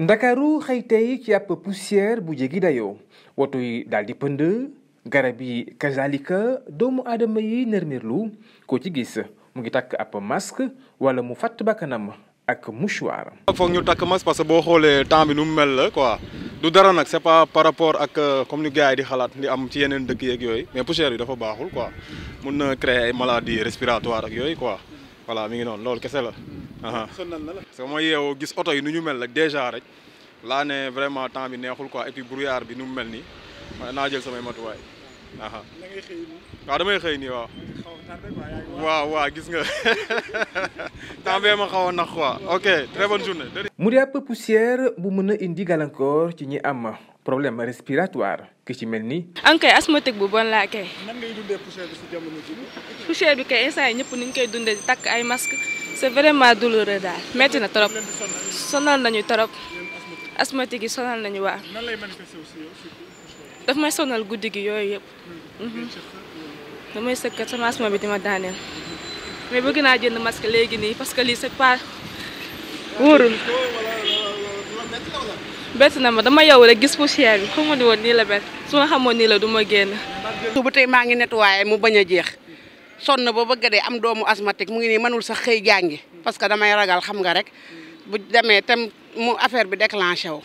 ndakaaru xëy tey ci ab poussière bu jéggi dayoo woto yi daal di pënd garab yi kazalika doomu aadama yi nërmirlu ko ci gis mu ngi takk ab masque wala mu fàtt bakkanam ak mouchoir. foog ñu takk masque parce que boo xoolee temps bi nu mu mel la quoi du dara nag c'est pas par rapport ak euh, comme nu gars yi di xalaat di am ci yeneen dëkk yeeg yooyu mais poussière yi dafa baaxul quoi mun na créer ay maladies respiratoires ak yooyu quoi voilà mi ngi noonu loolu kese la. sonal na la parce gis auto yi nuñu mel rek dèjà rek laa né vraiment temps bi neexul quoi et puis brouillard bi nu mu mel nii ma naa jël samay matuwaay. waaw waaw damay xey ni wa wa wa gis nga temps bee ma xaw a quoi ok très bonne journée. mu peu poussière bu meuna indi galancor ci ñi am problème respiratoire ki ci mel ni. an kay asthmatique bu bon la kay. nan ngay dundé poussière ci si jamono ji. poussière bi kay instant yi ñëpp ni ñu koy dundé tak ay masque c'est vraiment douloureux daal metti na trop sonal nañu trop asthmatique yi sonal nañu waa daf may sonal guddi gi yooyu yëpp mhm. damay sëkkat sama asthma bi dima daaneel mais bëgg naa jënd masque légui ni parce que lii c'est pas wóorul bett na ma dama yow rek gis poussière bi xamu ni la bett su ma ni la du ma génn bu tey maa ngi nettoyé mu bañ a jeex sonn ba bëgg dee am doomu asthmatique mu ngi nii manul sax xëy jàngi parce que damay ragal xam nga rek bu demee tam mu affaire bi déclenché wu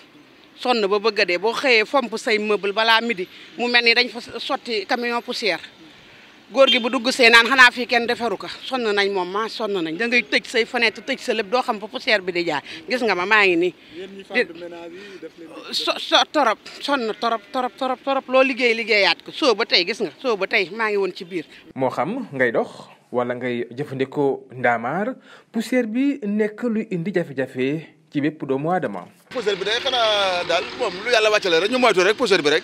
sonn ba bëgg dee boo xëyee fomp say meuble balaa midi mu mel ni dañ fa sotti camion poussière góor gi bu dugg see naan xanaa fii kenn defaru ko sonn nañ moom ma sonn nañ da ngay tëj say fenêtre tëj sa lépp doo xam fa poussière bi di jaar gis nga ma maa ngi nii so so torop sonn torop torop torop loo liggéey liggéeyaat ko soo ba tey gis nga soo ba tey maa ngi woon ci biir moo xam ngay dox wala ngay jëfandikoo ndaamaar poussière bi nekk luy indi jafe-jafe ci bépp doomu aadama poussière bi day xanaa daal moom lu yàlla wàccale rek ñu moytu rek poussière bi rek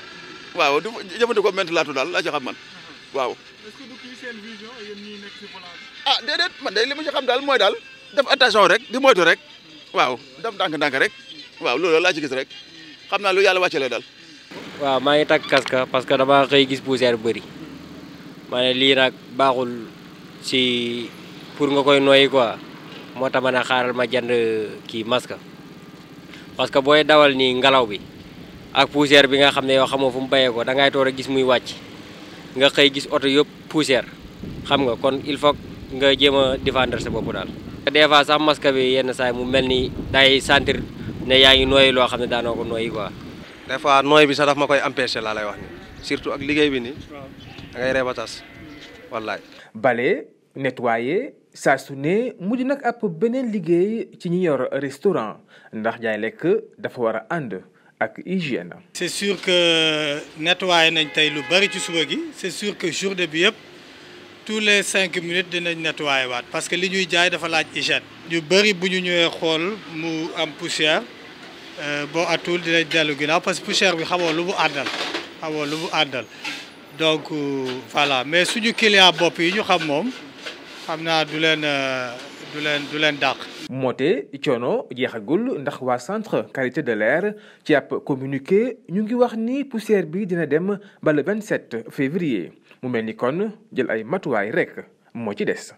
waaw jëfandikoo ment laatu daal laa ci xam man waaw. est-ce ah, man de li ma ci xam daal mooy daal def attention rek di moytu rek waaw def ndànk-ndànk rek waaw loolu laa ci gis rek xam naa lu yàlla wàcce la daal. waaw maa ngi takk kaska parce que dama xëy gis poussière bu bëri maa lii nag baaxul si pour nga koy noyyi quoi moo tax ma ne xaaral ma jand kii maska parce que booy dawal nii ngelaw bi ak poussière bi nga xam ne yoo xamoo fu mu bayee ko da ngay a gis muy wàcc. nga xëy gis oto yëpp poussière xam nga kon il faut nga jéem a défendre sa bopp daal. des fois sa masque bi yenn saa mu mel ni day centre ne yaa ngi nooyi loo xam ne daanoo ko nooyi quoi. des fois nooy bi sax daf ma koy empêcher laa lay wax ni surtout ak liggéey bi ni da ngay reeba tas wallaay. bale nettoyer saa su ne mujj nag ab beneen liggéey ci ñi yor restaurant ndax jaay lekk dafa war a ànd. c'est sûr que nettoyer nañ c'est sûr que jour de tous les cinq minutes de parce que les gens dafa laaj hygiène. bari poussière euh, parce que poussière bi xamoo lu donc euh, voilà mais suñu client xam du len euh, du len du len dak moté coono jeexagul ndax wa centre qualité de l'air ci ab communiqué ñu ngi wax ni poussière bi dina dem ba le 27 février mu melni kon jël ay matuwaay rek mo ci dess